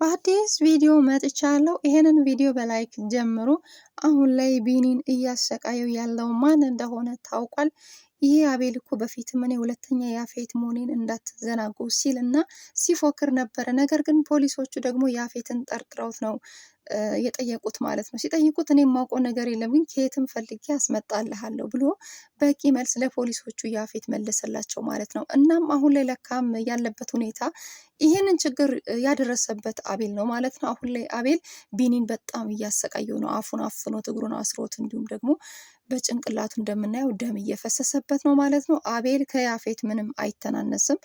በአዲስ ቪዲዮ መጥቻለሁ። ይሄንን ቪዲዮ በላይክ ጀምሩ። አሁን ላይ ቢኒን እያሰቃየው ያለው ማን እንደሆነ ታውቋል። ይህ አቤል እኮ በፊትም እኔ ሁለተኛ ያፌት መሆኔን እንዳትዘናጉ ሲል እና ሲፎክር ነበረ። ነገር ግን ፖሊሶቹ ደግሞ ያፌትን ጠርጥረውት ነው የጠየቁት ማለት ነው። ሲጠይቁት እኔ የማውቀው ነገር የለም ግን ከየትም ፈልጌ አስመጣልሃለሁ ብሎ በቂ መልስ ለፖሊሶቹ ያፌት መለሰላቸው ማለት ነው። እናም አሁን ላይ ለካም ያለበት ሁኔታ ይህንን ችግር ያደረሰበት አቤል ነው ማለት ነው። አሁን ላይ አቤል ቢኒን በጣም እያሰቃየው ነው። አፉን አፍኖት እግሩን አስሮት እንዲሁም ደግሞ በጭንቅላቱ እንደምናየው ደም እየፈሰሰበት ነው ማለት ነው። አቤል ከያፌት ምንም አይተናነስም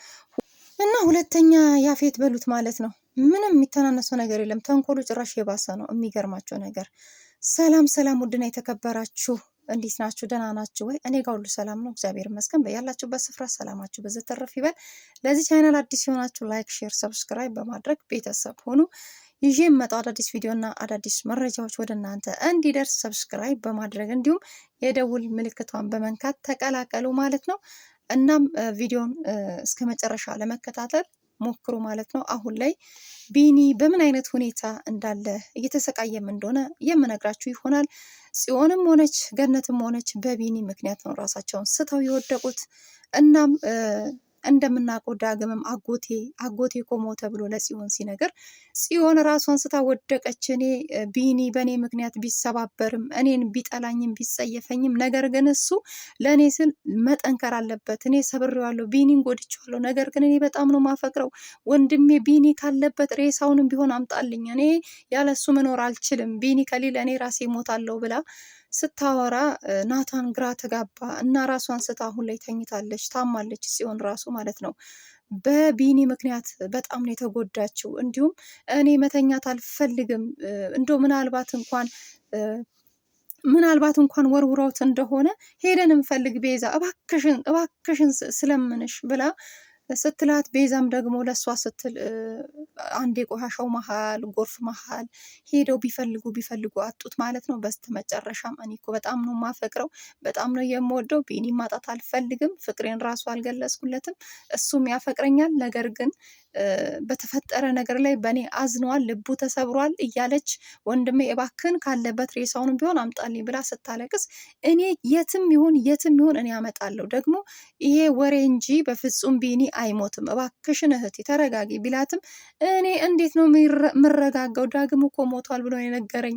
እና ሁለተኛ ያፌት በሉት ማለት ነው። ምንም የሚተናነሰው ነገር የለም። ተንኮሉ ጭራሽ የባሰ ነው። የሚገርማቸው ነገር ሰላም ሰላም፣ ውድና የተከበራችሁ እንዴት ናችሁ? ደህና ናችሁ ወይ? እኔ ጋር ሁሉ ሰላም ነው፣ እግዚአብሔር ይመስገን። በያላችሁበት ስፍራ ሰላማችሁ በዘ ተረፍ ይበል። ለዚህ ቻናል አዲስ የሆናችሁ ላይክ፣ ሼር፣ ሰብስክራይብ በማድረግ ቤተሰብ ሆኑ። ይዤ የመጣው አዳዲስ ቪዲዮና አዳዲስ መረጃዎች ወደ እናንተ እንዲደርስ ሰብስክራይብ በማድረግ እንዲሁም የደውል ምልክቷን በመንካት ተቀላቀሉ ማለት ነው። እናም ቪዲዮን እስከ መጨረሻ ለመከታተል ሞክሩ ማለት ነው። አሁን ላይ ቢኒ በምን አይነት ሁኔታ እንዳለ እየተሰቃየም እንደሆነ የምነግራችሁ ይሆናል። ጽዮንም ሆነች ገነትም ሆነች በቢኒ ምክንያት ነው ራሳቸውን ስተው የወደቁት እናም እንደምናውቀው ዳግምም አጎቴ አጎቴ ቆሞ ተብሎ ለጽዮን ሲነገር ጽዮን ራሷን ስታ ወደቀች። እኔ ቢኒ በእኔ ምክንያት ቢሰባበርም እኔን ቢጠላኝም ቢጸየፈኝም፣ ነገር ግን እሱ ለእኔ ስል መጠንከር አለበት። እኔ ሰብሬዋለሁ፣ ቢኒን ጎድቼዋለሁ። ነገር ግን እኔ በጣም ነው ማፈቅረው ወንድሜ። ቢኒ ካለበት ሬሳውንም ቢሆን አምጣልኝ። እኔ ያለሱ መኖር አልችልም። ቢኒ ከሌለ እኔ ራሴ እሞታለሁ ብላ ስታወራ ናታን ግራ ተጋባ እና ራሷን ስታ አሁን ላይ ተኝታለች። ታማለች ሲሆን ራሱ ማለት ነው በቢኒ ምክንያት በጣም ነው የተጎዳችው። እንዲሁም እኔ መተኛት አልፈልግም እንዶ ምናልባት እንኳን ምናልባት እንኳን ወርውረውት እንደሆነ ሄደን እንፈልግ ቤዛ፣ እባክሽን እባክሽን ስለምንሽ ብላ ስትላት ቤዛም ደግሞ ለእሷ ስትል አንድ የቆሻሻው መሀል ጎርፍ መሀል ሄደው ቢፈልጉ ቢፈልጉ አጡት ማለት ነው። በስተ መጨረሻም እኔ እኮ በጣም ነው ማፈቅረው፣ በጣም ነው የምወደው፣ ቢኒ ማጣት አልፈልግም፣ ፍቅሬን ራሱ አልገለጽኩለትም፣ እሱም ያፈቅረኛል። ነገር ግን በተፈጠረ ነገር ላይ በእኔ አዝኗል፣ ልቡ ተሰብሯል እያለች ወንድሜ እባክን ካለበት ሬሳውን ቢሆን አምጣልኝ ብላ ስታለቅስ እኔ የትም ይሁን የትም ይሁን እኔ አመጣለሁ ደግሞ ይሄ ወሬ እንጂ በፍጹም ቢኒ አይሞትም፣ እባክሽን እህቴ ተረጋጊ ቢላትም እኔ እንዴት ነው የምረጋጋው? ዳግም እኮ ሞቷል ብሎ የነገረኝ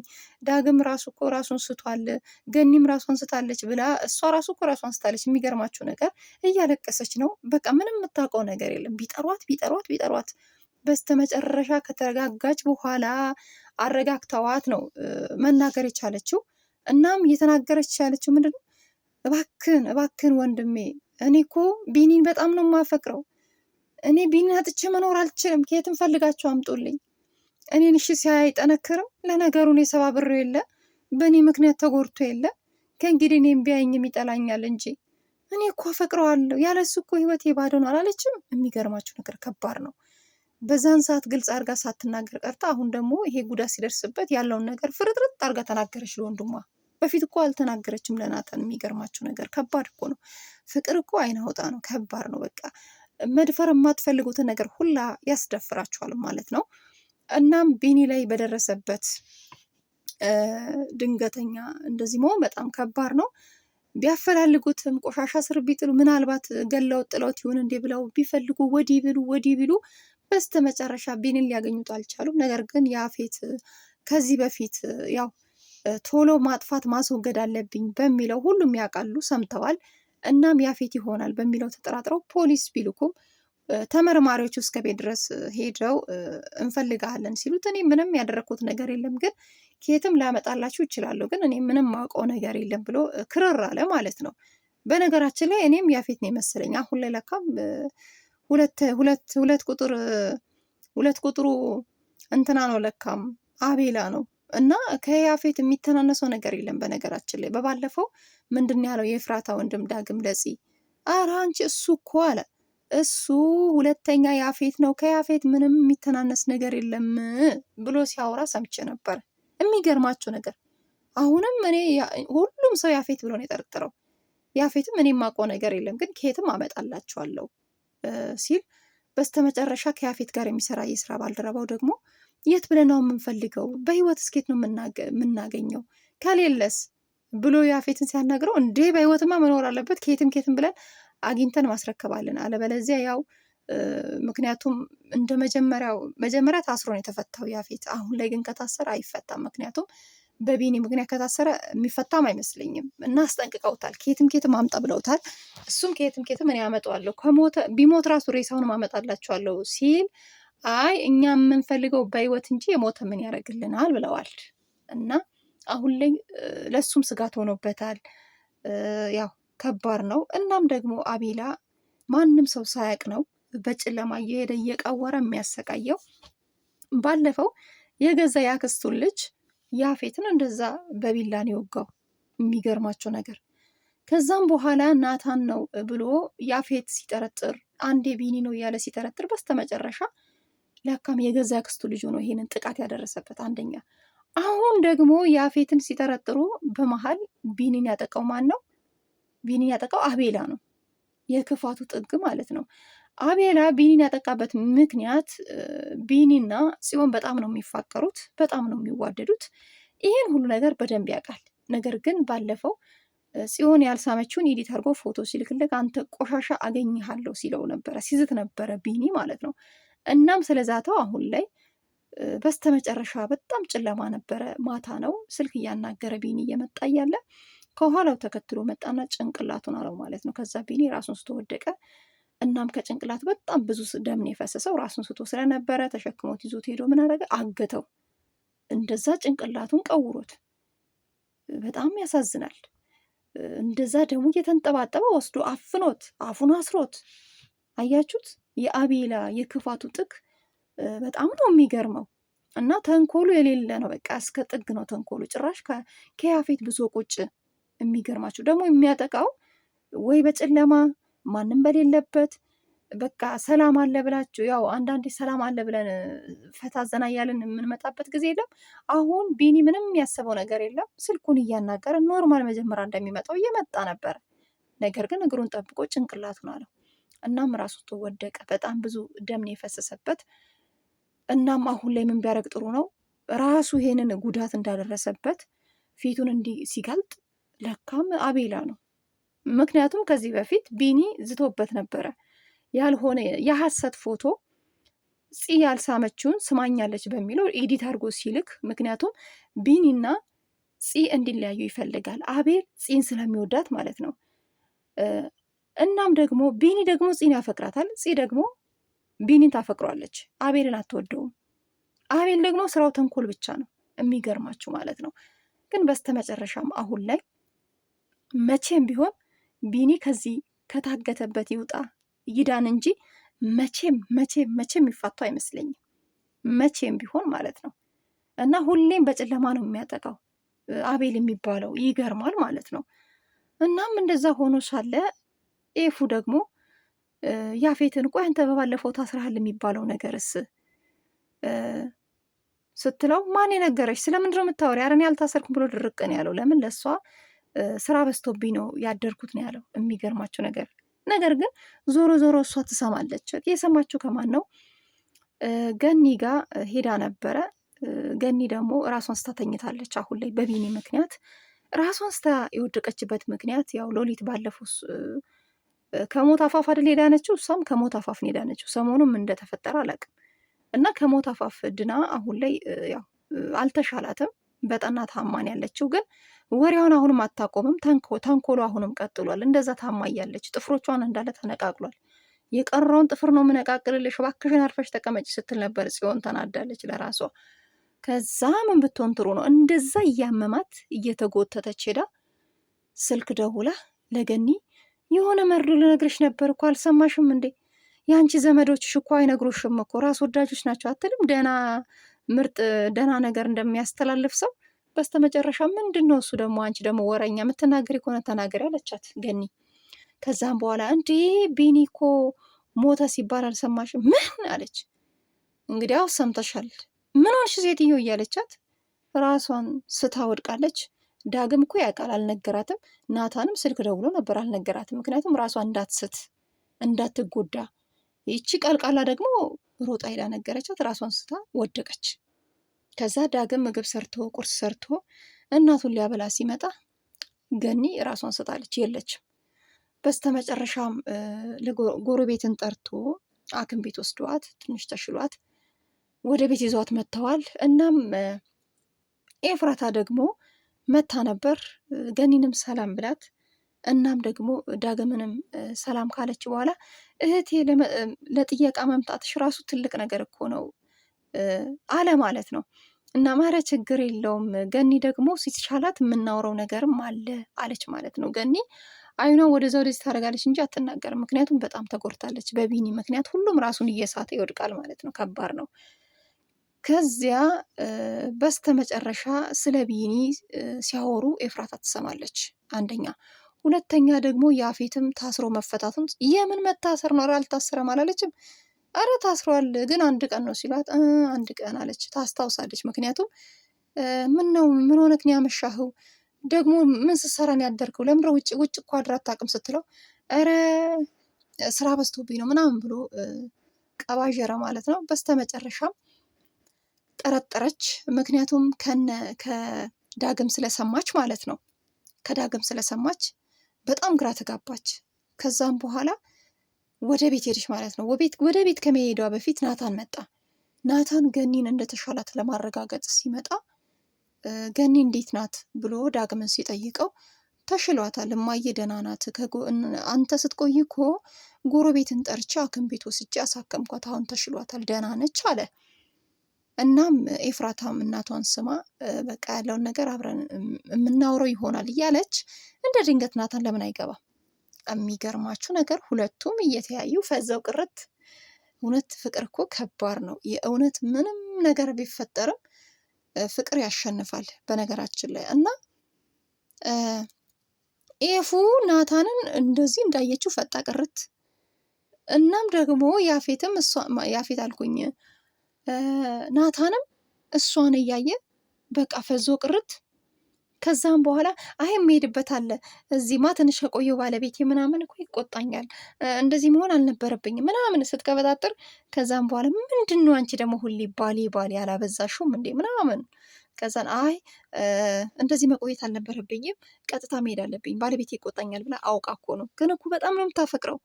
ዳግም ራሱ እኮ ራሱን ስቷል፣ ገኒም ራሷን ስታለች ብላ እሷ ራሱ እኮ ራሷን ስታለች። የሚገርማችሁ ነገር እያለቀሰች ነው። በቃ ምንም የምታውቀው ነገር የለም። ቢጠሯት ቢጠሯት ቢጠሯት በስተመጨረሻ ከተረጋጋች በኋላ አረጋግተዋት ነው መናገር የቻለችው። እናም እየተናገረች ያለችው ምንድን ነው? እባክን እባክን ወንድሜ እኔ እኮ ቢኒን በጣም ነው የማፈቅረው እኔ ቢኒን መኖር አልችልም። ከየትም ፈልጋችሁ አምጡልኝ። እኔን እሺ ሲያ አይጠነክርም። ለነገሩ እኔ የለ በእኔ ምክንያት ተጎድቶ የለ ከእንግዲህ እኔም ቢያይኝም ይጠላኛል እንጂ እኔ እኮ አፈቅረዋለሁ። ያለሱ እኮ ህይወት ነው አላለችም። የሚገርማችሁ ነገር ከባድ ነው። በዛን ሰዓት ግልጽ አድርጋ ሳትናገር ቀርታ አሁን ደግሞ ይሄ ጉዳት ሲደርስበት ያለውን ነገር ፍርጥርጥ አድርጋ ተናገረች ለወንድሟ። በፊት እኮ አልተናገረችም ለናተን። የሚገርማችሁ ነገር ከባድ እኮ ነው። ፍቅር እኮ አይናውጣ ነው። ከባድ ነው በቃ መድፈር የማትፈልጉትን ነገር ሁላ ያስደፍራችኋል ማለት ነው። እናም ቢኒ ላይ በደረሰበት ድንገተኛ እንደዚህ መሆን በጣም ከባድ ነው። ቢያፈላልጉትም ቆሻሻ ስር ቢጥሉ ምናልባት ገላው ጥለውት ይሁን እንዴ ብለው ቢፈልጉ ወዲህ ብሉ ወዲህ ቢሉ በስተ መጨረሻ ቢኒን ሊያገኙት አልቻሉም። ነገር ግን የአፌት ከዚህ በፊት ያው ቶሎ ማጥፋት ማስወገድ አለብኝ በሚለው ሁሉም ያውቃሉ፣ ሰምተዋል። እናም ያፌት ይሆናል በሚለው ተጠራጥረው ፖሊስ ቢልኩም ተመርማሪዎች እስከ ቤት ድረስ ሄደው እንፈልጋለን ሲሉት እኔ ምንም ያደረግኩት ነገር የለም ግን ከየትም ላመጣላችሁ እችላለሁ ግን እኔ ምንም ማውቀው ነገር የለም ብሎ ክርር አለ ማለት ነው። በነገራችን ላይ እኔም ያፌት ነው የመሰለኝ አሁን ላይ ለካም ሁለት ሁለት ሁለት ቁጥር ሁለት ቁጥሩ እንትና ነው ለካም አቤላ ነው እና ከያፌት የሚተናነሰው ነገር የለም። በነገራችን ላይ በባለፈው ምንድን ያለው የፍራታ ወንድም ዳግም ለጺ ኧረ አንቺ እሱ እኮ አለ እሱ ሁለተኛ ያፌት ነው፣ ከያፌት ምንም የሚተናነስ ነገር የለም ብሎ ሲያወራ ሰምቼ ነበር። የሚገርማችሁ ነገር አሁንም እኔ ሁሉም ሰው ያፌት ብሎ ነው የጠረጠረው። ያፌትም እኔ የማውቀው ነገር የለም ግን ከየትም አመጣላችኋለሁ ሲል በስተመጨረሻ ከያፌት ጋር የሚሰራ የስራ ባልደረባው ደግሞ የት ብለን ነው የምንፈልገው? በህይወት እስኬት ነው የምናገኘው? ከሌለስ ብሎ ያፌትን ሲያናግረው እንዴ በህይወትማ መኖር አለበት ከየትም ከየትም ብለን አግኝተን ማስረከባለን። አለበለዚያ ያው ምክንያቱም እንደ መጀመሪያው መጀመሪያ ታስሮ ነው የተፈታው ያፌት። አሁን ላይ ግን ከታሰረ አይፈታም። ምክንያቱም በቢኒ ምክንያት ከታሰረ የሚፈታም አይመስለኝም። እና አስጠንቅቀውታል። ከየትም ከየትም አምጣ ብለውታል። እሱም ከየትም ከየትም እኔ አመጣዋለሁ ከሞተ ቢሞት ራሱ ሬሳውን አመጣላቸዋለሁ ሲል አይ እኛ የምንፈልገው በህይወት እንጂ የሞተ ምን ያደርግልናል ብለዋል። እና አሁን ላይ ለእሱም ስጋት ሆኖበታል። ያው ከባድ ነው። እናም ደግሞ አቤላ ማንም ሰው ሳያቅ ነው በጨለማ እየሄደ እየቃወረ የሚያሰቃየው። ባለፈው የገዛ ያክስቱን ልጅ ያፌትን እንደዛ በቢላን የወጋው የሚገርማቸው ነገር። ከዛም በኋላ ናታን ነው ብሎ ያፌት ሲጠረጥር፣ አንዴ ቢኒ ነው እያለ ሲጠረጥር በስተመጨረሻ ለካም የገዛ ክስቱ ልጅ ሆኖ ይሄንን ጥቃት ያደረሰበት አንደኛ። አሁን ደግሞ ያፌትን ሲጠረጥሩ በመሀል ቢኒን ያጠቃው ማን ነው? ቢኒን ያጠቃው አቤላ ነው። የክፋቱ ጥግ ማለት ነው። አቤላ ቢኒን ያጠቃበት ምክንያት ቢኒና ጽዮን በጣም ነው የሚፋቀሩት፣ በጣም ነው የሚዋደዱት። ይህን ሁሉ ነገር በደንብ ያውቃል። ነገር ግን ባለፈው ጽዮን ያልሳመችውን ኢዲት አድርጎ ፎቶ ሲልክልክ አንተ ቆሻሻ አገኝሃለሁ ሲለው ነበረ፣ ሲዝት ነበረ ቢኒ ማለት ነው። እናም ስለዛተው አሁን ላይ በስተመጨረሻ በጣም ጨለማ ነበረ። ማታ ነው። ስልክ እያናገረ ቢኒ እየመጣ እያለ ከኋላው ተከትሎ መጣና ጭንቅላቱን አለው ማለት ነው። ከዛ ቢኒ ራሱን ስቶ ወደቀ። እናም ከጭንቅላት በጣም ብዙ ደም ነው የፈሰሰው። ራሱን ስቶ ስለነበረ ተሸክሞት ይዞት ሄዶ ምን አደረገ? አገተው። እንደዛ ጭንቅላቱን ቀውሮት፣ በጣም ያሳዝናል። እንደዛ ደሙ እየተንጠባጠበ ወስዶ አፍኖት አፉን አስሮት አያችሁት። የአቤላ የክፋቱ ጥግ በጣም ነው የሚገርመው እና ተንኮሉ የሌለ ነው። በቃ እስከ ጥግ ነው ተንኮሉ። ጭራሽ ከያፌት ብሶ ቁጭ የሚገርማቸው ደግሞ የሚያጠቃው ወይ በጨለማ ማንም በሌለበት በቃ ሰላም አለ ብላችሁ ያው አንዳንዴ ሰላም አለ ብለን ፈታ ዘና እያለን የምንመጣበት ጊዜ የለም። አሁን ቢኒ ምንም የሚያስበው ነገር የለም። ስልኩን እያናገረ ኖርማል መጀመሪያ እንደሚመጣው እየመጣ ነበረ። ነገር ግን እግሩን ጠብቆ ጭንቅላቱን አለው። እናም ራሱ ተወደቀ። በጣም ብዙ ደም ነው የፈሰሰበት። እናም አሁን ላይ ምን ቢያደርግ ጥሩ ነው? ራሱ ይሄንን ጉዳት እንዳደረሰበት ፊቱን እንዲህ ሲገልጥ ለካም አቤላ ነው። ምክንያቱም ከዚህ በፊት ቢኒ ዝቶበት ነበረ ያልሆነ የሐሰት ፎቶ ፂ ያልሳመችውን ስማኛለች በሚለው ኤዲት አድርጎ ሲልክ፣ ምክንያቱም ቢኒና ፂ እንዲለያዩ ይፈልጋል። አቤል ፂን ስለሚወዳት ማለት ነው። እናም ደግሞ ቢኒ ደግሞ ፂን ያፈቅራታል። ፂ ደግሞ ቢኒን ታፈቅሯለች። አቤልን አትወደውም። አቤል ደግሞ ስራው ተንኮል ብቻ ነው። የሚገርማችሁ ማለት ነው። ግን በስተመጨረሻም አሁን ላይ መቼም ቢሆን ቢኒ ከዚህ ከታገተበት ይውጣ ይዳን እንጂ መቼም መቼም መቼም የሚፋቱ አይመስለኝም። መቼም ቢሆን ማለት ነው። እና ሁሌም በጨለማ ነው የሚያጠቃው አቤል የሚባለው ይገርማል ማለት ነው። እናም እንደዛ ሆኖ ሳለ ኤፉ ደግሞ ያፌትን ቆይ አንተ በባለፈው ታስረሃል የሚባለው ነገርስ ስትለው ማን የነገረች ስለምንድን ነው የምታወሪ? ኧረ እኔ ብሎ ድርቅ ነው ያለው። ለምን ለእሷ ስራ በዝቶብኝ ነው ያደርኩት ነው ያለው። የሚገርማቸው ነገር ነገር ግን ዞሮ ዞሮ እሷ ትሰማለች። የሰማችው ከማን ነው? ገኒ ጋር ሄዳ ነበረ። ገኒ ደግሞ ራሷን ስታ ተኝታለች። አሁን ላይ በቢኒ ምክንያት ራሷን ስታ የወደቀችበት ምክንያት ያው ሎሊት ባለፈው ከሞት አፋፍ አይደል የዳነችው? እሷም ከሞት አፋፍ ነው የዳነችው። ሰሞኑም እንደተፈጠረ አላውቅም። እና ከሞት አፋፍ ድና አሁን ላይ ያው አልተሻላትም፣ በጠና ታማን ያለችው ግን ወሬዋን አሁንም አታቆምም። ተንኮሎ አሁንም ቀጥሏል። እንደዛ ታማ ያለች ጥፍሮቿን እንዳለ ተነቃቅሏል። የቀረውን ጥፍር ነው የምነቃቅልልሽ፣ እባክሽን አርፈሽ ተቀመጭ ስትል ነበር ጽዮን ተናዳለች ለራሷ። ከዛ ምን ብትሆን ጥሩ ነው እንደዛ እያመማት እየተጎተተች ሄዳ ስልክ ደውላ ለገኒ የሆነ መርዶ ልነግርሽ ነበር እኮ አልሰማሽም እንዴ? የአንቺ ዘመዶችሽ እኮ አይነግሩሽም እኮ ራስ ወዳጆች ናቸው አትልም? ደህና ምርጥ ደህና ነገር እንደሚያስተላልፍ ሰው በስተመጨረሻ ምንድን ነው እሱ ደግሞ አንቺ ደግሞ ወረኛ የምትናገሪ ከሆነ ተናገሪ አለቻት ገኒ። ከዛም በኋላ እንዴ ቢኒ እኮ ሞተ ሲባል አልሰማሽም? ምን አለች። አው ሰምተሻል። ምን ሆንሽ ሴትዮ እያለቻት ራሷን ስታ ወድቃለች። ዳግም እኮ ያውቃል፣ አልነገራትም። ናታንም ስልክ ደውሎ ነበር፣ አልነገራትም። ምክንያቱም ራሷ እንዳትስት እንዳትጎዳ። ይቺ ቀልቃላ ደግሞ ሮጣ ሄዳ ነገረቻት፣ ራሷን ስታ ወደቀች። ከዛ ዳግም ምግብ ሰርቶ ቁርስ ሰርቶ እናቱን ሊያበላ ሲመጣ ገኒ ራሷን ስታለች፣ የለችም። በስተመጨረሻም ጎረቤትን ጠርቶ ሐኪም ቤት ወስደዋት ትንሽ ተሽሏት ወደ ቤት ይዘዋት መጥተዋል። እናም ኤፍራታ ደግሞ መታ ነበር። ገኒንም ሰላም ብላት እናም ደግሞ ዳግምንም ሰላም ካለች በኋላ እህቴ ለጥየቃ መምጣትሽ ራሱ ትልቅ ነገር እኮ ነው አለ ማለት ነው። እና ማረ ችግር የለውም ገኒ ደግሞ ሲትሻላት የምናውረው ነገርም አለ አለች ማለት ነው። ገኒ አይኗ ወደዛ ወደዚህ ታደርጋለች እንጂ አትናገርም። ምክንያቱም በጣም ተጎድታለች በቢኒ ምክንያት። ሁሉም ራሱን እየሳተ ይወድቃል ማለት ነው። ከባድ ነው። ከዚያ በስተመጨረሻ ስለ ቢኒ ሲያወሩ ኤፍራታ ትሰማለች። አንደኛ፣ ሁለተኛ ደግሞ ያፌትም ታስሮ መፈታቱን የምን መታሰር ነው አልታሰረም አላለችም። አረ ታስሯል ግን አንድ ቀን ነው ሲሏት አንድ ቀን አለች። ታስታውሳለች። ምክንያቱም ምን ነው ምን ሆነክ ነው ያመሻኸው? ደግሞ ምን ስትሰራን ያደርከው? ለምንድን ውጭ ውጭ እኮ አድራ አታውቅም ስትለው ረ ስራ በዝቶብኝ ነው ምናምን ብሎ ቀባዠረ ማለት ነው። በስተመጨረሻም ጠረጠረች። ምክንያቱም ከነ ከዳግም ስለሰማች ማለት ነው። ከዳግም ስለሰማች በጣም ግራ ተጋባች። ከዛም በኋላ ወደ ቤት ሄደች ማለት ነው። ወደ ቤት ከመሄዷ በፊት ናታን መጣ። ናታን ገኒን እንደተሻላት ለማረጋገጥ ሲመጣ ገኒ እንዴት ናት ብሎ ዳግምን ሲጠይቀው ተሽሏታል፣ እማዬ ደህና ናት። አንተ ስትቆይ እኮ ጎረቤትን ጠርቼ ሐኪም ቤት ወስጄ አሳከምኳት፣ አሁን ተሽሏታል፣ ደህና ነች አለ። እናም ኤፍራታም እናቷን ስማ በቃ ያለውን ነገር አብረን የምናውረው ይሆናል እያለች እንደ ድንገት ናታን ለምን አይገባም? የሚገርማችሁ ነገር ሁለቱም እየተያዩ ፈዘው ቅርት። እውነት ፍቅር እኮ ከባድ ነው። የእውነት ምንም ነገር ቢፈጠርም ፍቅር ያሸንፋል። በነገራችን ላይ እና ኤፉ ናታንን እንደዚህ እንዳየችው ፈጣ ቅርት። እናም ደግሞ ያፌትም ያፌት አልኩኝ ናታንም እሷን እያየ በቃ ፈዞ ቅርት። ከዛም በኋላ አይ የምሄድበት አለ እዚህማ ትንሽ ከቆየሁ ባለቤቴ ምናምን እኮ ይቆጣኛል፣ እንደዚህ መሆን አልነበረብኝም ምናምን ስትቀበጣጥር፣ ከዛም በኋላ ምንድን ነው አንቺ ደግሞ ሁሌ ባሌ ባሌ አላበዛሽውም እንዴ ምናምን ከዛን አይ እንደዚህ መቆየት አልነበረብኝም፣ ቀጥታ መሄድ አለብኝ ባለቤቴ ይቆጣኛል ብላ አውቃ እኮ ነው። ግን እኮ በጣም ነው የምታፈቅረው።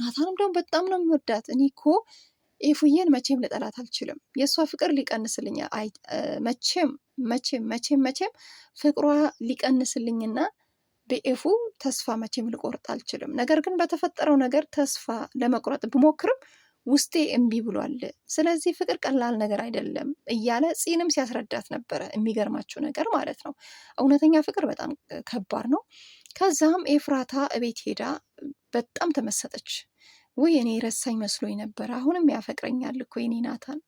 ናታንም ደግሞ በጣም ነው የሚወዳት። እኔ እኮ ኤፉዬን መቼም ልጠላት አልችልም። የእሷ ፍቅር ሊቀንስልኝ መቼም መቼም መቼም መቼም ፍቅሯ ሊቀንስልኝና በኤፉ ተስፋ መቼም ልቆርጥ አልችልም። ነገር ግን በተፈጠረው ነገር ተስፋ ለመቁረጥ ብሞክርም ውስጤ እምቢ ብሏል። ስለዚህ ፍቅር ቀላል ነገር አይደለም እያለ ፂንም ሲያስረዳት ነበረ። የሚገርማችሁ ነገር ማለት ነው እውነተኛ ፍቅር በጣም ከባድ ነው። ከዛም ኤፍራታ እቤት ሄዳ በጣም ተመሰጠች። ውይ እኔ ረሳኝ መስሎኝ ነበር። አሁንም ያፈቅረኛል እኮ የኔ ናታን።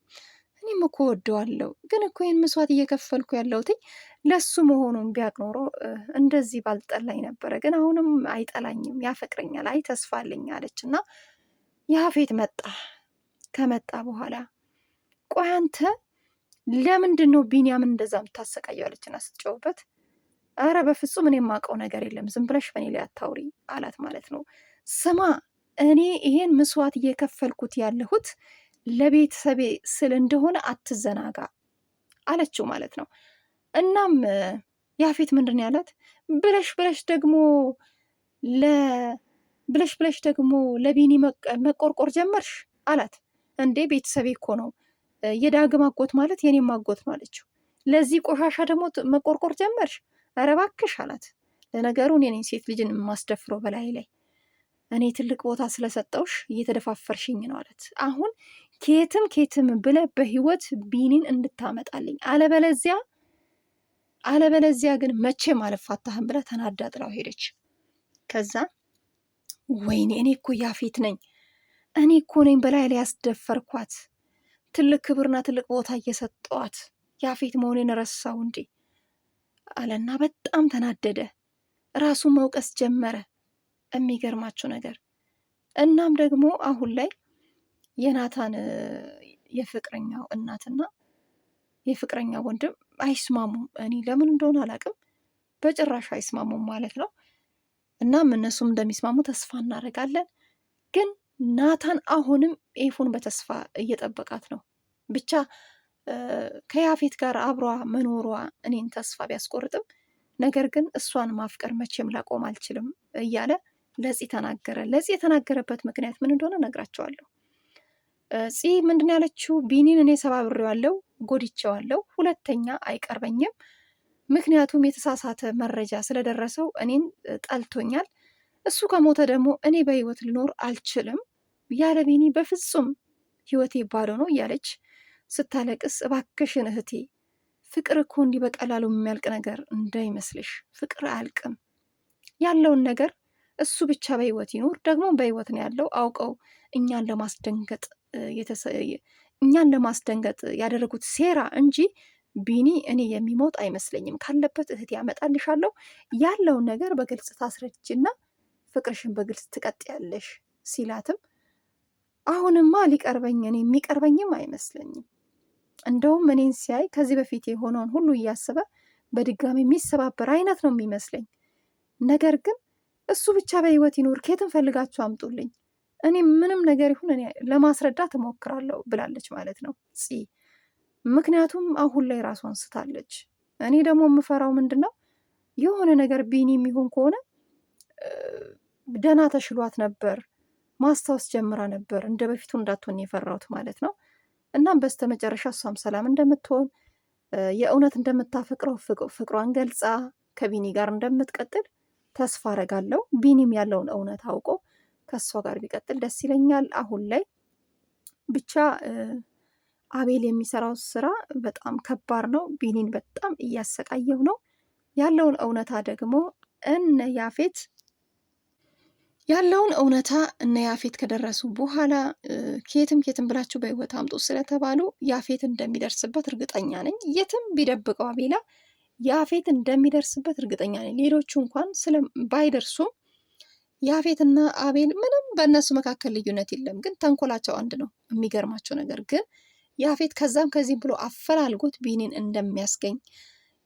እኔም እኮ ወደዋለሁ፣ ግን እኮ ይህን መስዋዕት እየከፈልኩ ያለሁት ለሱ መሆኑን ቢያቅ ኖሮ እንደዚህ ባልጠላኝ ነበረ። ግን አሁንም አይጠላኝም፣ ያፈቅረኛል። አይ ተስፋ አለኝ አለች እና ያፌት መጣ። ከመጣ በኋላ ቆይ አንተ ለምንድን ነው ቢንያምን እንደዛ የምታሰቃየው አለችና ስትጨውበት አረ በፍጹም እኔ የማውቀው ነገር የለም ዝም ብለሽ በእኔ ላይ አታውሪ አላት ማለት ነው ስማ እኔ ይሄን ምስዋት እየከፈልኩት ያለሁት ለቤተሰቤ ስል እንደሆነ አትዘናጋ አለችው ማለት ነው። እናም ያፌት ምንድን ያላት ብለሽ ብለሽ ደግሞ ብለሽ ብለሽ ደግሞ ለቢኒ መቆርቆር ጀመርሽ አላት። እንዴ ቤተሰቤ እኮ ነው የዳግም አጎት ማለት የኔም አጎት ነው አለችው። ለዚህ ቆሻሻ ደግሞ መቆርቆር ጀመርሽ? ኧረ እባክሽ አላት። ለነገሩ እኔ ሴት ልጅን የማስደፍረው በላይ ላይ እኔ ትልቅ ቦታ ስለሰጠውሽ እየተደፋፈርሽኝ ነው አለት። አሁን ኬትም ኬትም ብለ በህይወት ቢኒን እንድታመጣልኝ አለበለዚያ አለበለዚያ ግን መቼም አልፋታህም ብላ ተናዳ ጥላው ሄደች። ከዛ ወይኔ እኔ እኮ ያፌት ነኝ፣ እኔ እኮ ነኝ በላይ ላይ ያስደፈርኳት፣ ትልቅ ክብርና ትልቅ ቦታ እየሰጠዋት ያፌት መሆኔን ረሳው እንዴ አለና በጣም ተናደደ። ራሱን መውቀስ ጀመረ። የሚገርማችሁ ነገር። እናም ደግሞ አሁን ላይ የናታን የፍቅረኛው እናትና የፍቅረኛው ወንድም አይስማሙም። እኔ ለምን እንደሆነ አላውቅም፣ በጭራሽ አይስማሙም ማለት ነው። እናም እነሱም እንደሚስማሙ ተስፋ እናደርጋለን። ግን ናታን አሁንም ኤፉን በተስፋ እየጠበቃት ነው። ብቻ ከያፌት ጋር አብሯ መኖሯ እኔን ተስፋ ቢያስቆርጥም ነገር ግን እሷን ማፍቀር መቼም ላቆም አልችልም እያለ ለፂ ተናገረ። ለፂ የተናገረበት ምክንያት ምን እንደሆነ ነግራቸዋለሁ ፂ ምንድን ያለችው ቢኒን እኔ ሰባብሬዋለሁ፣ ጎድቼዋለሁ፣ ሁለተኛ አይቀርበኝም። ምክንያቱም የተሳሳተ መረጃ ስለደረሰው እኔን ጠልቶኛል። እሱ ከሞተ ደግሞ እኔ በህይወት ልኖር አልችልም። ያለ ቢኒ በፍጹም ህይወቴ ባዶ ነው እያለች ስታለቅስ፣ እባክሽን እህቴ ፍቅር እኮ እንዲህ በቀላሉ የሚያልቅ ነገር እንዳይመስልሽ። ፍቅር አያልቅም። ያለውን ነገር እሱ ብቻ በህይወት ይኖር ደግሞ በህይወት ነው ያለው አውቀው እኛን ለማስደንገጥ እኛን ለማስደንገጥ ያደረጉት ሴራ እንጂ ቢኒ እኔ የሚሞት አይመስለኝም። ካለበት እህት ያመጣልሻለሁ ያለውን ነገር በግልጽ ታስረጅና ፍቅርሽን በግልጽ ትቀጥያለሽ ሲላትም አሁንማ ሊቀርበኝ እኔ የሚቀርበኝም አይመስለኝም። እንደውም እኔን ሲያይ ከዚህ በፊት የሆነውን ሁሉ እያሰበ በድጋሚ የሚሰባበር አይነት ነው የሚመስለኝ ነገር ግን እሱ ብቻ በህይወት ይኖር፣ ከየትም ፈልጋችሁ አምጡልኝ፣ እኔ ምንም ነገር ይሁን እኔ ለማስረዳት እሞክራለሁ ብላለች ማለት ነው ፂ። ምክንያቱም አሁን ላይ ራሷን ስታለች። እኔ ደግሞ የምፈራው ምንድን ነው የሆነ ነገር ቢኒ የሚሆን ከሆነ ደህና ተሽሏት ነበር፣ ማስታወስ ጀምራ ነበር፣ እንደ በፊቱ እንዳትሆን የፈራሁት ማለት ነው። እናም በስተመጨረሻ እሷም ሰላም እንደምትሆን የእውነት እንደምታፈቅረው ፍቅሯን ገልጻ ከቢኒ ጋር እንደምትቀጥል ተስፋ አረጋለሁ። ቢኒም ያለውን እውነት አውቆ ከእሷ ጋር ቢቀጥል ደስ ይለኛል። አሁን ላይ ብቻ አቤል የሚሰራው ስራ በጣም ከባድ ነው። ቢኒን በጣም እያሰቃየው ነው። ያለውን እውነታ ደግሞ እነ ያፌት ያለውን እውነታ እነ ያፌት ከደረሱ በኋላ ኬትም ኬትም ብላችሁ በህይወት አምጡ ስለተባሉ ያፌት እንደሚደርስበት እርግጠኛ ነኝ። የትም ቢደብቀው አቤላ ያፌት እንደሚደርስበት እርግጠኛ ነኝ። ሌሎቹ እንኳን ባይደርሱም ያፌትና አቤል ምንም በእነሱ መካከል ልዩነት የለም፣ ግን ተንኮላቸው አንድ ነው። የሚገርማቸው ነገር ግን የአፌት ከዛም ከዚህም ብሎ አፈላልጎት ቢኒን እንደሚያስገኝ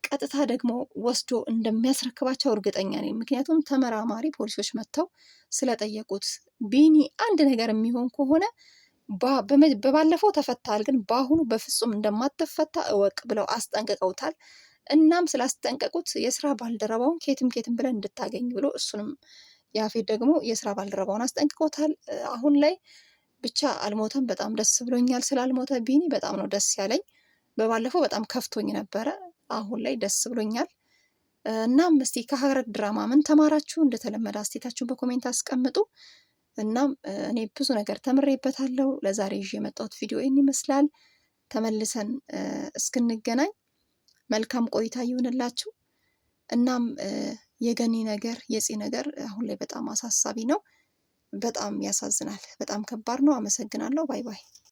ቀጥታ ደግሞ ወስዶ እንደሚያስረክባቸው እርግጠኛ ነኝ። ምክንያቱም ተመራማሪ ፖሊሶች መጥተው ስለጠየቁት ቢኒ አንድ ነገር የሚሆን ከሆነ በባለፈው ተፈታል፣ ግን በአሁኑ በፍጹም እንደማትፈታ እወቅ ብለው አስጠንቅቀውታል። እናም ስላስጠንቀቁት የስራ ባልደረባውን ኬትም ኬትም ብለን እንድታገኝ ብሎ እሱንም ያፌት ደግሞ የስራ ባልደረባውን አስጠንቅቆታል። አሁን ላይ ብቻ አልሞተም። በጣም ደስ ብሎኛል ስላልሞተ ቢኒ በጣም ነው ደስ ያለኝ። በባለፈው በጣም ከፍቶኝ ነበረ፣ አሁን ላይ ደስ ብሎኛል። እናም እስቲ ከሀረግ ድራማ ምን ተማራችሁ? እንደተለመደ አስቴታችሁን በኮሜንት አስቀምጡ። እናም እኔ ብዙ ነገር ተምሬበታለሁ። ለዛሬ ይዤ የመጣሁት ቪዲዮ ይህን ይመስላል። ተመልሰን እስክንገናኝ መልካም ቆይታ ይሁንላችሁ። እናም የገኒ ነገር የፂ ነገር አሁን ላይ በጣም አሳሳቢ ነው። በጣም ያሳዝናል። በጣም ከባድ ነው። አመሰግናለሁ። ባይ ባይ